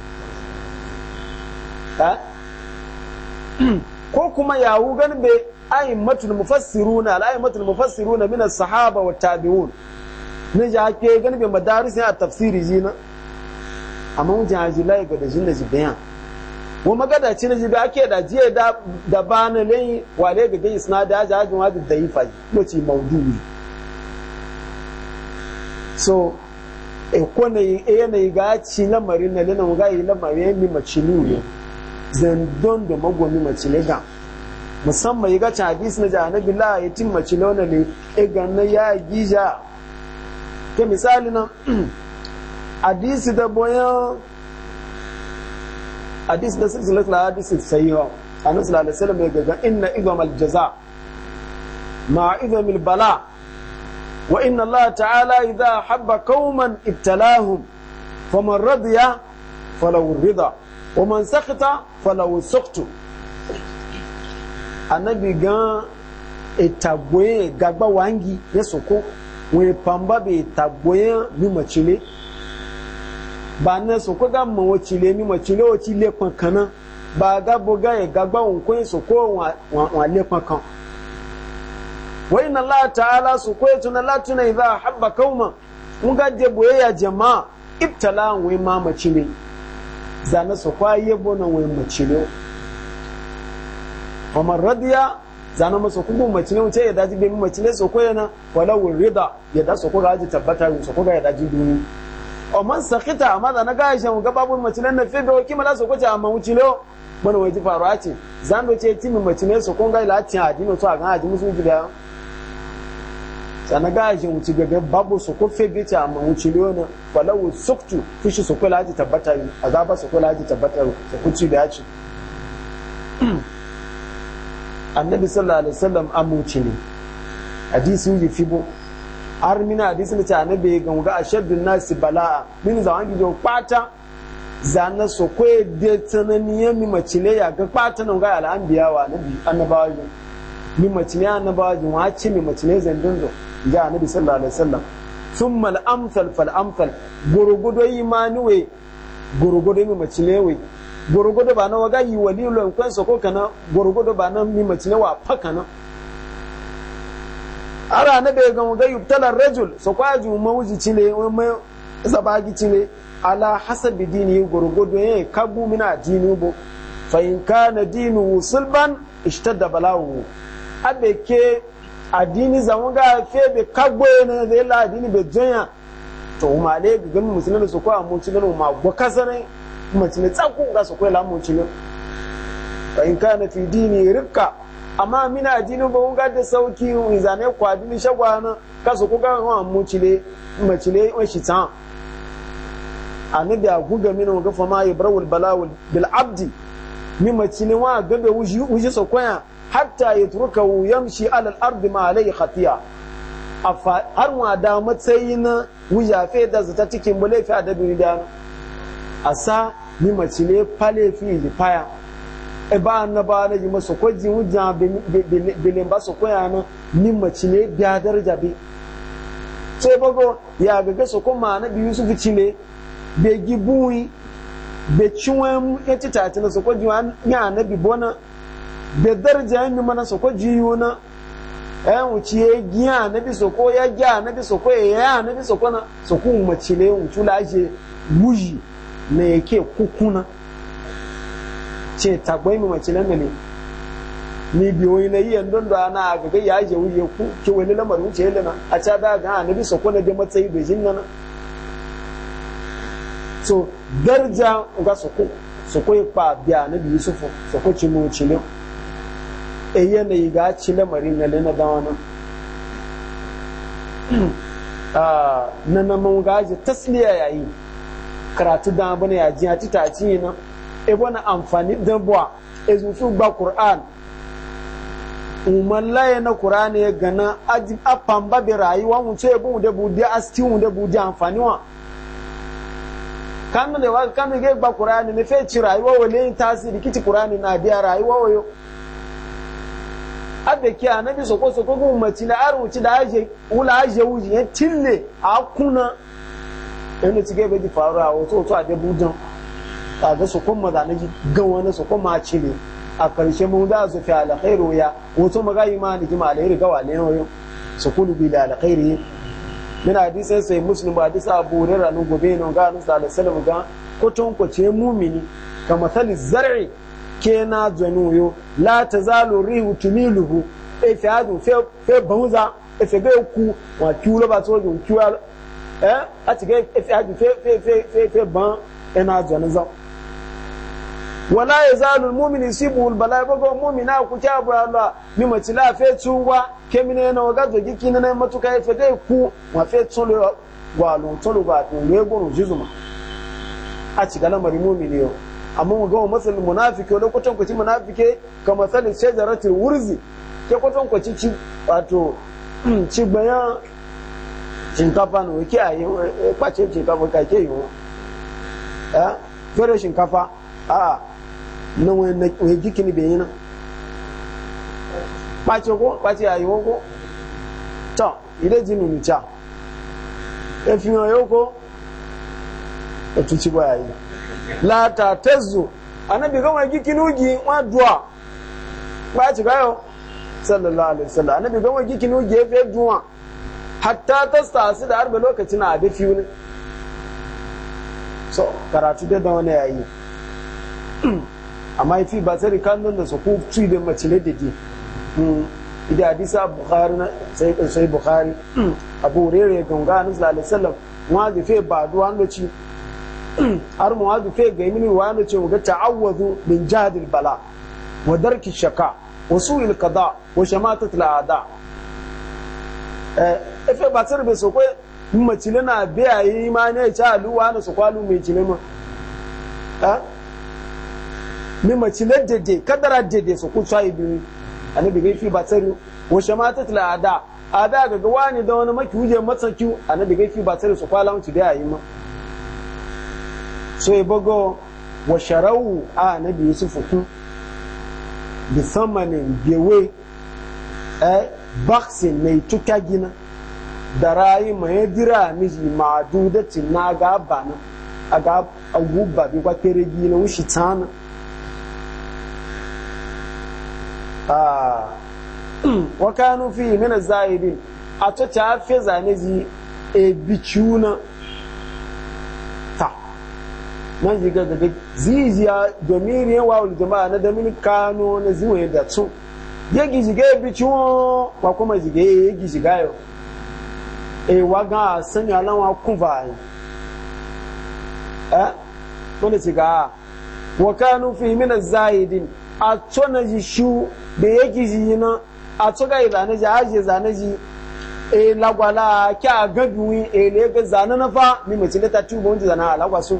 ko kuma yawu gan be matul mufassiruna matul mufassiruna min as-sahaba wa tabi'un ne ja ke gan be madaris ya tafsiri jina amma mun jaji lai ga da jinna ji bayan mu magada ci na ji ba ke da jiya da da bana lai wale ga gais na da jajin wa da daifa ko ci maudu'i so e ko ne e ne ga ci lamarin ne ne mu ga yi lamarin ni ci ne zandon da mace ne ga musamman yi gaci hadis na janabi la ya cin mace launa ne iga na ya gija ta misali nan hadisi da boyan hadis da silsilat la hadisi sayiwa anu sallallahu alaihi wasallam ya gaga inna idham aljaza ma idham albala wa inna allah ta'ala idha habba qauman ibtalahum faman radiya falahu ridha wa man sakata falawu sokto anabi gan etagboye gagba wangi ya soko wọn pamba ba soko ga ma wo cile mimacile wo ci lepan kana ba ga bo ga ya gagba wọn ko ya soko wọn lepan kan wa inna allah ta'ala soko ya tuna latuna idha habba kauma mun ga je boye ya jama'a ibtala wọn ma macile zane su kwaye bonan wai mace ne kuma radiya zane masu kuma mace ne wuce ya daji bai mace ne su kwaye na walawun rida ya da su kuka haji tabbata yin su kuka ya daji duni man sakita amma da na gaya shan gaba bin mace ne na fi bai wakima da su kuce amma wuce ne wani waje faruwa ce zane zan doce timi mace ne su kun gaila a hajji adini su a gan hajji musu wuce sana gaji wuce gabe babu su ko febe ta amma wuce leona falawu suktu fishi su kula ji tabbata yi azaba su kula ji tabbata su kuci da yaci annabi sallallahu alaihi wasallam amuci ne hadisi yi fibo har mina hadisi ne ta annabi ga a ashaddun nasi bala'a min zaman gido kwata zana su de da ya mi ne ya ga kwata nan ga al'ambiyawa annabawa yi mi ne annabawa yi wace mi ne zandun zo ga annabi sallallahu alaihi wasallam thumma al-amsal fal amsal gurugudo imani we gurgudo mi macilewe gurugudo bana ba na waga yi wali lo kan so ko kana gurugudo ba na mi macilewa wa fa ara na be ga waga yubtala rajul so kwa ju mawuji cile mai zabagi cile ala hasabi dini gurugudo e kagu mina dini bo fa in kana dinu sulban ishtadda balawu abeke addini zamu ga febe kagbo ne da yalla addini be janya to ma le gan musulmi su ko amu cinan ma go kasane kuma cin tsakku ga su ko la mu cinan fa in kana fi dini rikka amma mina addini ba mun ga da sauki mu zane ku addini shagwana ka su ko ga amu cile ma cile wa shi annabi a guga mina ga fama ma yabrawul balawul bil abdi mi ma cile wa ga be wuji wuji sokoya hatta ya turka shi alal ardi ma alai khatiya har wa da matsayi na wujafe da zata cikin mu laifi a dabi da asa ni macile pale fi lifaya e ba na ba na jima so kwaji wuja bilin ba so koya na ni macile biya daraja bi sai bago ya gaga so kuma na bi yusuf cile be gibuwi be ciwon ya ci tati na so kwaji ya na bi bona be daraja mi mana soko jiyuna eh wuci ya giya na bi soko ya giya na bi soko ya ya na bi soko na soko mace ne wuci laje wuji na yake kukuna ce tagwai mi mace nan ne ni bi oyi na yi yandon da ana ga ga ya je wuye ku ki wani lamarin na a ca da ga na bi soko na bi matsayi so darja ga soko soko ikpe fa biya na bi yusufu soko ci mu ci ne in yi, ga ci lamarin na lina da wani na ah, na mun gaji tasliya yayi karatu da abu ya ji ati ta ci na e na amfani da bwa e zufu ba qur'an umalla na ƙura'an ya gana a afan ba rayuwa mu ce bu da bu da asti mu da bu amfani wa kanu da wa kanu ge ba ƙura'an ne fe ci rayuwa wale tasiri kici ƙura'an na biya rayuwa wayo abe ke anabi soko soko ko mace na aru da aje wula aje wuji ya tille a kuna yana ci di faru a wato to a dabu a ga soko ma da naji ga wani soko ma ne a karshe mun da su fi alkhairu ya wato ma imani ni ma alheri ga wale yau sukulu bi da alkhairi min hadisi sai muslim ba hadisi abu hurairah no gobe no ga nusa da alaihi ga ko tun ko ce mumini ka zar'i ke na zanu yo la tazalu rihu tumiluhu e fi adu fe fe e fe ku wa ba so jun eh? ge e fi adu fe fe fe fe fe ban e na zanu zo wala yazalu yusibu albala e bago mu'mina ku ta bu Allah mi la fe tuwa ke na matuka e fe ge ku wa fe tulo wa lo tulo ba e gboro jizuma ga lamari mu'mini yo amma mu gama masalin munafike wani kwatan kwaci munafike ka masalin shajaratul wurzi ke kwatan kwaci ci wato ci bayan shinkafa ne wake a yi kwace shinkafa ka ke yi wa fere shinkafa a nan wani gikin bai yi nan kwace ko kwace a yi ko ta ile jini ya fi yau ko etu ci baya yi la tezu annabi gama gikin ugi wa duwa ba ci gayo sallallahu alaihi wasallam annabi gama gikin ugi ya fiye duwa hatta ta tsasi da harba lokaci na abi fiyu ne so karatu da da wani yayi amma yafi ba sai kan don da su ku ci da mace ne da di idan hadisa bukhari na sai sai bukhari hmm. abu rere ganga annabi sallallahu alaihi wasallam ma da fe ba duwa lokaci har muwadu fe ga mini wa na ce ga ta'awwadu min jahdil bala wa darki shaka wa su'il qada wa shamatat al'ada eh ife ba tsir be so ko macile na biya yi ma ne ta aluwa na su kwalu mai cile ma eh mi macile dede kadara dede su ku tsayi biyu annabi ga fi ba tsari wa shamatat al'ada ada ga ga wani da wani maki wuje matsaki annabi ga fi ba tsari su kwala mutu da yayi ma so ya bago wa sharau a nabi yusuf ku bi samanin gewe eh baksin mai tuka gina da rayi mai dira miji ma'adudatin na aga aba na aga agubba bi kwa kere gina wushi tana wa kanu fi min az-zahibin a ta ta fi zane zi e na. man ziga daga ziziya domini yawa wani jama'a na domini kano na ziwe da su ya giziga ya bici wọn wa kuma ziga ya giziga yau e wa ga sani alawa kuva yi eh wani ziga wa kanu fi mina zahidin a na ji shu da ya gizi na a tsoga zane ji aje zane ji e lagwala kya gabi wi e le ga zane na fa mi mace da ta tubo wani zana alagwa su.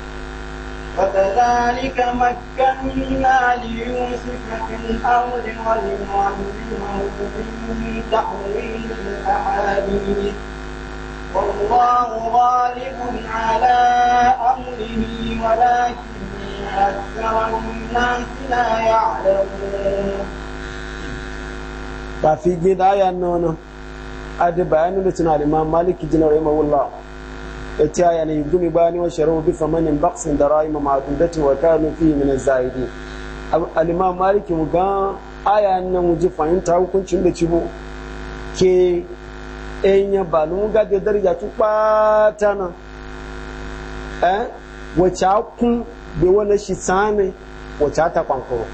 وكذلك مكنا ليوسف في الأرض ولنعلمه من تحويل الأحاديث والله غالب على أمره ولكن أكثر الناس لا يعلمون ba fi gida ya nono adi bayanin da tunanin ma maliki jinar imamullah ta yana yi gumi ba ni wa sharuhu bi famanin baksin da ra'ayi ma'adudati wa kanu fi min zaidi alimar maliki mu ga aya nan mu ji fahimta hukuncin da cibo ke enya balu mu ga da daraja tu kwata na eh wacce kun bi wani shi sami wacce ta kwankuro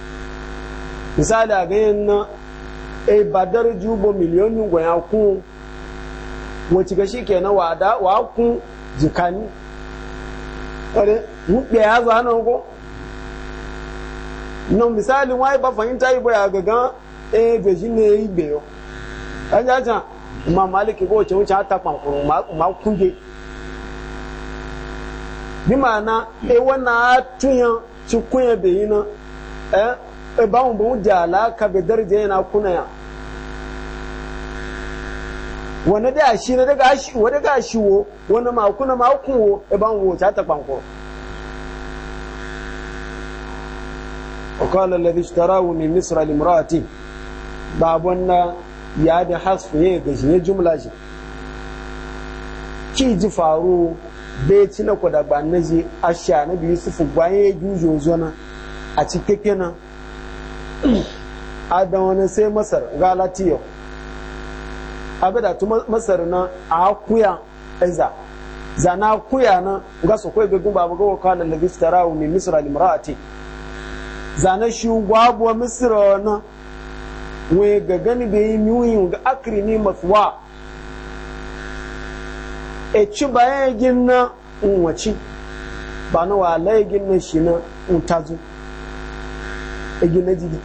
misali a ganyen na e ba daraju bo miliyoni gwayakun wacce ga shi ke na wa kun jikani ore mukpe ya za nan ko no misali wai ba fahimta ibo ya gaga e be shi ne ibe yo aja aja ma maliki ko ce wuce ta pankuru ma ma kunge bi mana e wana tuyan ci kunya be yina eh e ba mu bu da ka be darje na kuna ya wani da shi na daga shi wani daga shi wo wani ma kuna ma kunwo e ban wo ta ta kwanko wa ishtarahu min misra li imraati ya da ga shi jumla shi ki ji faru bai ci na ku da ba na ji a na ya zona a cikin kenan a wani sai masar galatiyo abeda tuma masar na a kuya eza zana kuya na ga su kai begun babu gawo kana lafi tarawu min misra limraati zana shi gwabo misira na we ga gani be miyin ga akrimi maswa e ci bayan na unwaci ba na walai na shi na untazu egina jigi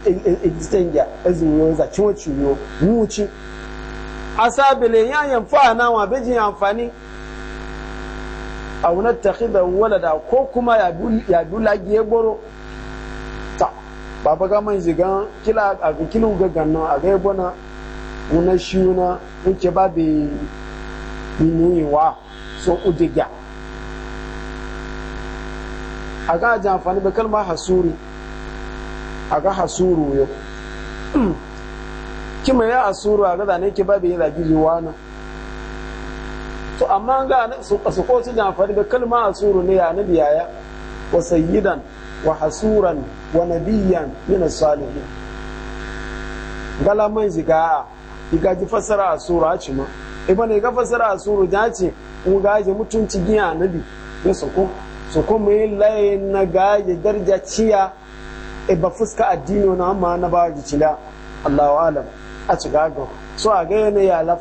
egistenja ezinyo za chiwo chiwo muci asabile ya yamfa na wa beji amfani aw wala walada ko kuma ya ya dulagi ta baba ga man ziga kila a kilo ga ganna a ga ebona shi shiuna nke ba be niwa so udiga a ga amfani da kalma hasuri a ga hasuru yau Ki mai ya asuru a gaza ne ki babu yin zagi jiwa na to amma ga su ko su jamfari da kalma asuru ne ya nabi yaya wa sayyidan wa hasuran wa nabiyan min salihi gala mai ziga iga ji fasara asuru a cima iba ne ga fasara asuru ja ce in gaje mutunci giya nabi ya sako sako mai laye na gaji, darja ciya e ba fuska addini wani amma na ba cila Allahu alam a chicago so a ga yana ya la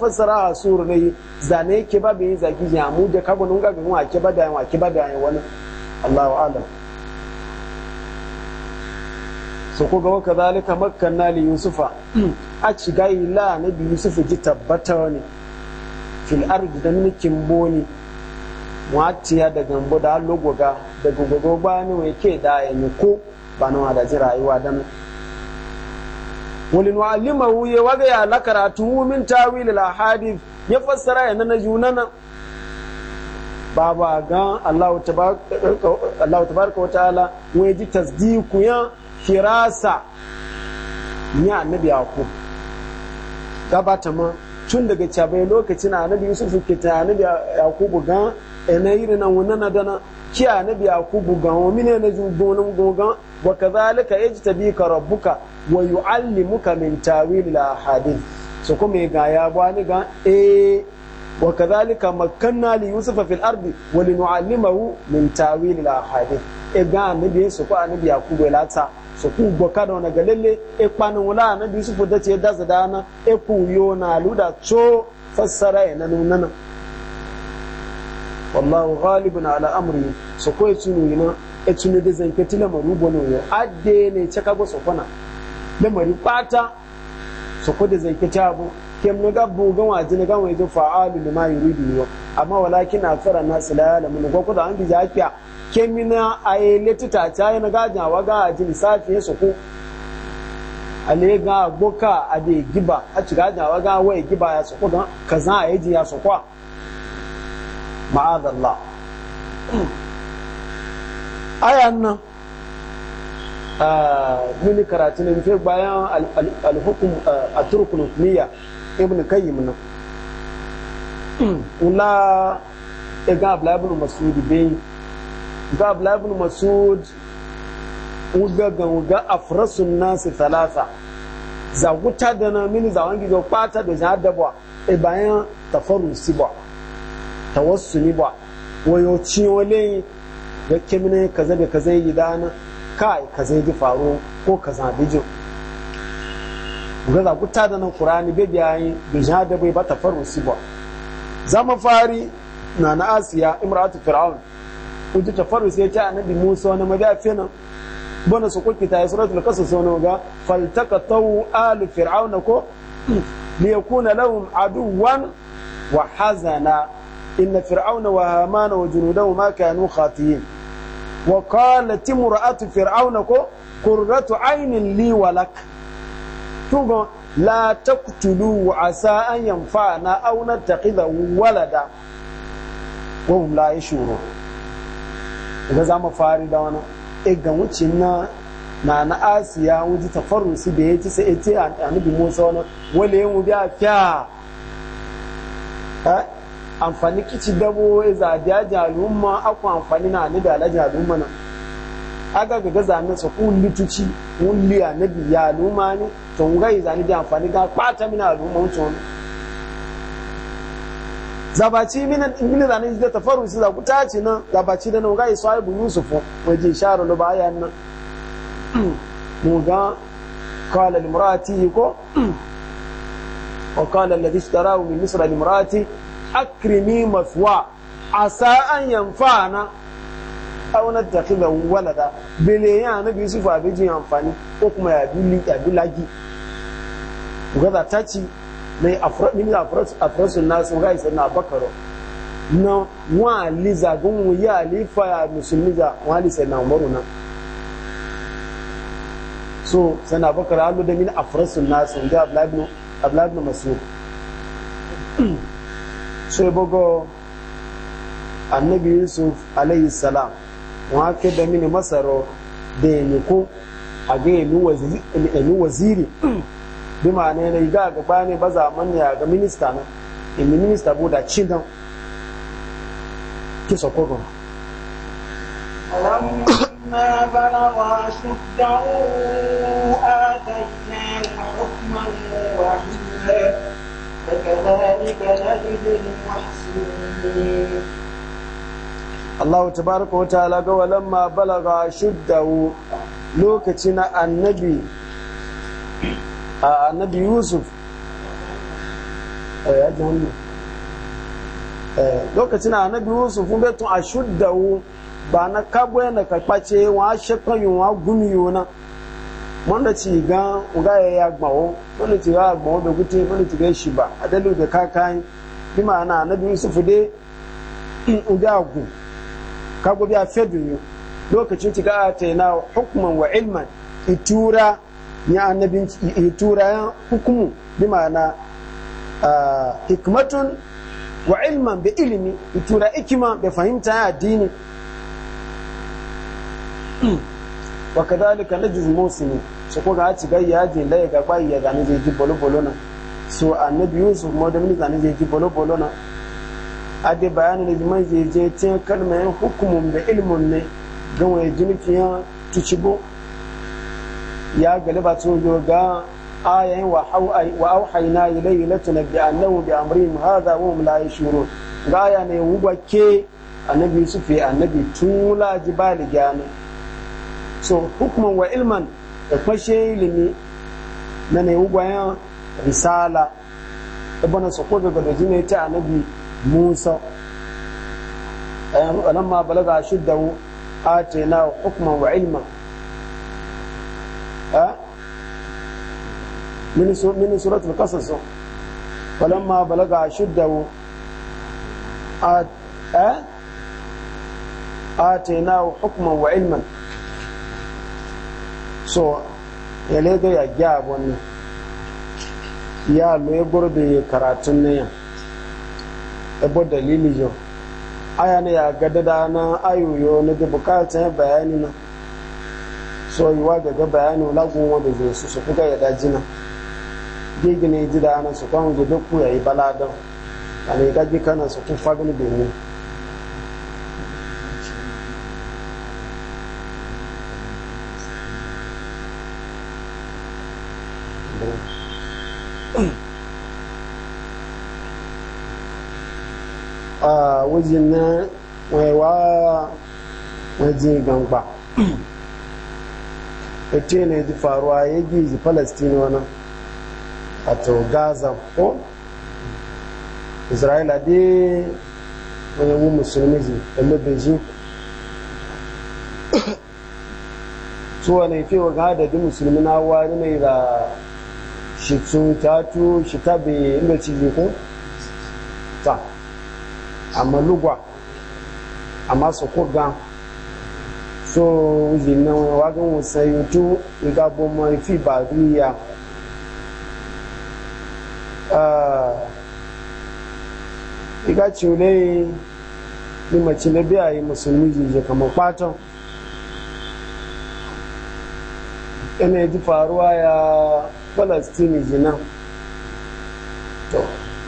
a suru ne zane ke ba bai zaki ya mu da kago nun gaga mu ake yawa ke ba da yawa wani Allahu alam so ko ga waka zalika li yusufa a shiga ila nabi yusuf ji tabbata ne fil ardi dan nikin boni watiya da gambo da logoga da gogogo ne wai da ya ko ba na da ji rayuwa dan walin wa'allimahu ya waga ya la karatu min tawilil ahadith ya fassara yana na junana baba gan Allah tabaraka wa ta'ala wani ji tasdiku ya firasa ya annabi ba ta ma tun daga cabai lokacin a annabi yusuf ke ta annabi yakubu gan ina irin nan wannan dana ki annabi yakubu ga mine na ju gonan gogan wa yajtabi ka rabbuka wa yuallimuka min tawil al ahadith so kuma ga ya bani ga eh wa kazalika makkanna li yusufa fil ardi wa linuallimahu min tawil al ahadith e ga annabi so ko annabi yakubu lata so ku boka na ga lalle e panin wala annabi yusufu da ce da zadana e ku yo na luda cho fassara ina nunana wallahu ghalibun ala amri so ko etunu yina etunu de zanke tila maru bono yo adde ne chaka go sokona da mari kwata so ko de zanke tabo kem no ga bu ga waji ne ga wai to fa'alu lima yuridu yo amma walakin akthara nas la ya'lamun ko ko da an bija kiya kemina ayele tita ta yana ga jawa ga ajin safi so ko ale ga boka ade giba a ciga jawa ga wai giba ya so ko dan kaza ayi ya so kwa ma'adallah ayan nan mini karatun fi bayan alhukum a turkun niyya ibn kayyim nan ula ga abla ibn masud bin ga abla ibn masud uga ga uga afrasun nasi talata za wuta da na mini za wangi zo kwata da jihar dabwa e bayan tafarun sibwa ni ba wayoci wale da kemine kaza da kaza yi dana kai kaza yi faro ko kaza bijin gaza kuta da nan qur'ani be biyayi da jihada bai ba tafarrusi ba zama fari na na asiya imratu fir'aun kunta tafarrusi ya ta annabi musa wani madafi nan bana su kuki ta suratul qasas wani ga faltaqatu al fir'auna ko liyakuna lahum aduwan wa hazana إن فرعون وهامان وجنوده ما كانوا خاطئين وقالت امرأة فرعون قرة عين لي ولك تقول لا تقتلوا عسى أن ينفعنا أو نتخذه ولدا وهم لا يشعرون إذا زعم فاردا وانا إذا وشنا na na asiya wuji tafarrusi da ya ci sai ya ce a nabi musa wani wale yin wubi a fiya amfani kici dabo za daja al'umma akwai amfani na ni da alaji al'umma na aga ga gaza na su kun lituci kun liya na biya al'umma ne to ngai za ni da amfani ga kwata mina al'umma wancan zabaci mina ingili da nan da tafaru su zaku tace nan zabaci da nan gai sahibu yusufu waje sharu no bayan nan mu ga qala limrati ko wa qala alladhi ishtarahu min misra limrati akrimi maswa asa an yanfa'ana aw nattakhidahu walada bele ya nabi yusuf abiji amfani ko kuma ya bili ya bilagi gaza ta ci mai afrodin afrosun nasu ga isa na bakaro na wa liza gun ya alifa ya musulmiza, za wa lisa na umaru na so sana bakar alu da min afrosun nasu ga abla ibn masud ṣe gbogbo annabi yusuf alayhisalam wọn ake bẹmi ni masaro da enikun agin enu waziri bi ma ne na iga agaba ne ba za a ga minista na emi minista bu da cidan ki sokoro Ọlọ́run ní ọmọ bá lọ́wọ́ ṣùgbọ́n ó àtẹ̀yẹ̀ ọkùnrin wà nílẹ̀. Allah tabaraka wa ta'ala ga walan ma balaga shuddahu lokaci na annabi a annabi Yusuf ya ji hannu lokaci na annabi Yusuf mun betun a shuddahu ba na kabo yana kakpace wa shekwanyi wa gumi yona. na mana ci ga ga ya ya gbawo mana ci ga gbawo da gute mana ci ga shi ba a dalu da kakai bi ma'ana annabi yusuf de in uga gu ka go biya fedu lokacin ci ga ta na hukman wa ilman itura ya annabi itura ya hukumu bi ma'ana hikmatun wa ilman bi ilimi itura ikima da fahimta addini wa kadhalika najzi musini so ko ga ci gayya je la ga bayya ga ne je bolo bolo na so annabi yusuf mo da mini ga je ji bolo bolo na ade bayanin ne man je je tin kalmayan hukumun da ilmun ne ga waye jinkiya tucibo ya galiba to yo ga ayan wa auhayna ilayhi latunabbi annahu bi amrihim hadha wa hum la yashurun ga ne wubake annabi yusuf annabi so hukuma wa ilman da kwashe ilimi na ne ugwayen risala ibana su ko daga da jini ta annabi musa ayan balaga shiddahu atayna hukuma wa ilma ha min sur min surat al-qasas lamma balaga shiddahu at atayna hukuma wa ilman so ya lego ya gya abun ya lo gurbe karatun ne ya ebo dalili yo aya ne ya gada da na ayoyo na da bukatun bayani na so yi wa daga bayani lagun wanda zai su su kuka ya daji na gigi ne ji da ana su kwan gudu ku ya yi baladan a ne gaji kana su kun fagin benin a ah, wajen na waiwa wajen gangba ita ne ji faruwa ya gizi palestine wani a to gaza ko isra'ila dai wani mu musulmi ji da mabiji su wani fiye wa ga adadin musulmi na wani mai da shi tun ta tu shi ta be inda ci ko ta amma lugwa amma su ko so wuzi na wagon wusan yutu iga bomo fi ba riya iga ah, cire ni mace na biya yi musulmi jije kamar kwaton yana ji faruwa ya falastini jinan to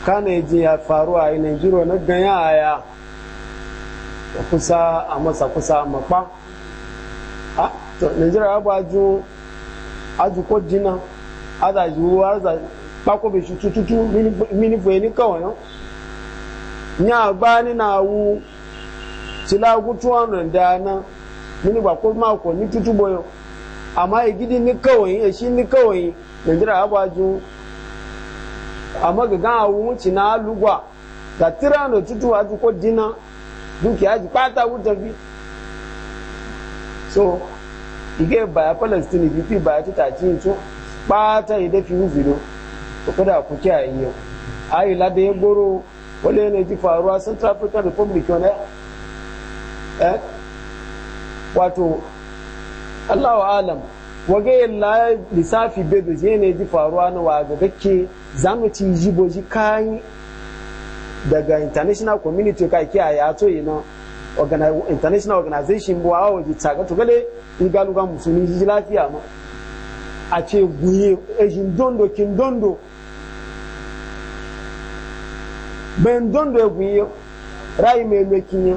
kana ya je ya faru a yanayin jiro na ganya a ya kusa a masa kusa a makpa a to nigeria ya ba ju aju ko jina aza ju aza kpako be shi tututu mini fo ni kawai no nya agba ni na awu tila gu 200 da na mini ba ko ma ko ni tutu boyo amma igidi ni kawai ya shi ni kawai nandira agbaju amma ga gan na lugwa ga tirano tutu aju ko dina dukiya ji pata wuta so ike baya palestine bi fi baya tuta ci to pata ide fi uziro to kada ku kiyaye yau ayi lade goro wale ne ji faruwa central african republic wani eh wato alam wage la lissafi bedo je ne ji faruwa na waga gake za mu ci jiboji kayi daga international community ka ki a ya yi na international organization bu awo ji tsaga to gale in galu ga musulmi ji lafiya ma a ce guye ejin dondo kin dondo bayan dondo ya guye rayu mai mekin yi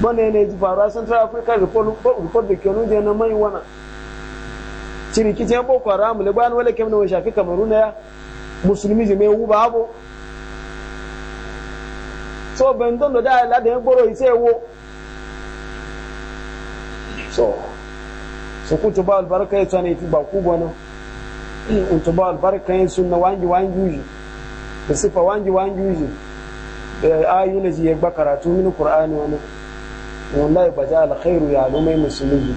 bane ne ji faruwa central african republic ke nuje na mai wana cirikiti yan boko haram ne bayan wale wa shafi kamaru na ya musulmi ji mai wuba abo so ben don da ala da yan ise wo so so ku to ba albarka ya tsane ti ba ku gwana in to ba ya sunna wangi wangi uji da sifa wangi wangi uji da e, ayu ji ya gba karatu min qur'ani wani wallahi ya lumai musulmi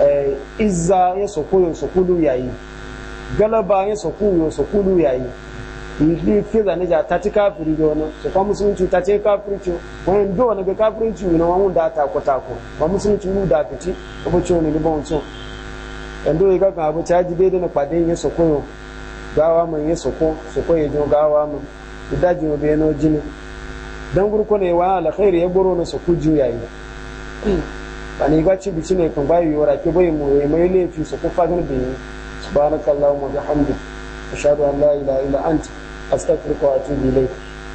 Eh, izza ya sokuyo sokulu yayi galaba ya sokuyo sokulu yayi ili fiza ne ja tati kafiri do no so kwa musulunci ta ce kafiri ce wani do na ga kafiri ci na wani da ta ko ta ko ba musulunci mu da fiti ko ba ciwo ne ba wancan dan do ga ga abu caji de da na kwadin ya sokuyo gawa man ya soko soko ya jo gawa man idaji o be no jini dan gurko ne wa alkhairi ya boro na sokuju yayi ani ga ci bici ne kan bayu yora ke bai mu ya mai laifi su ko fagin da yi subhanakallahu hamdu bihamdi ashhadu an la ilaha illa anta astaghfiruka wa atubu ilayk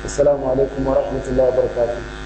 assalamu alaikum wa rahmatullahi wa barakatuh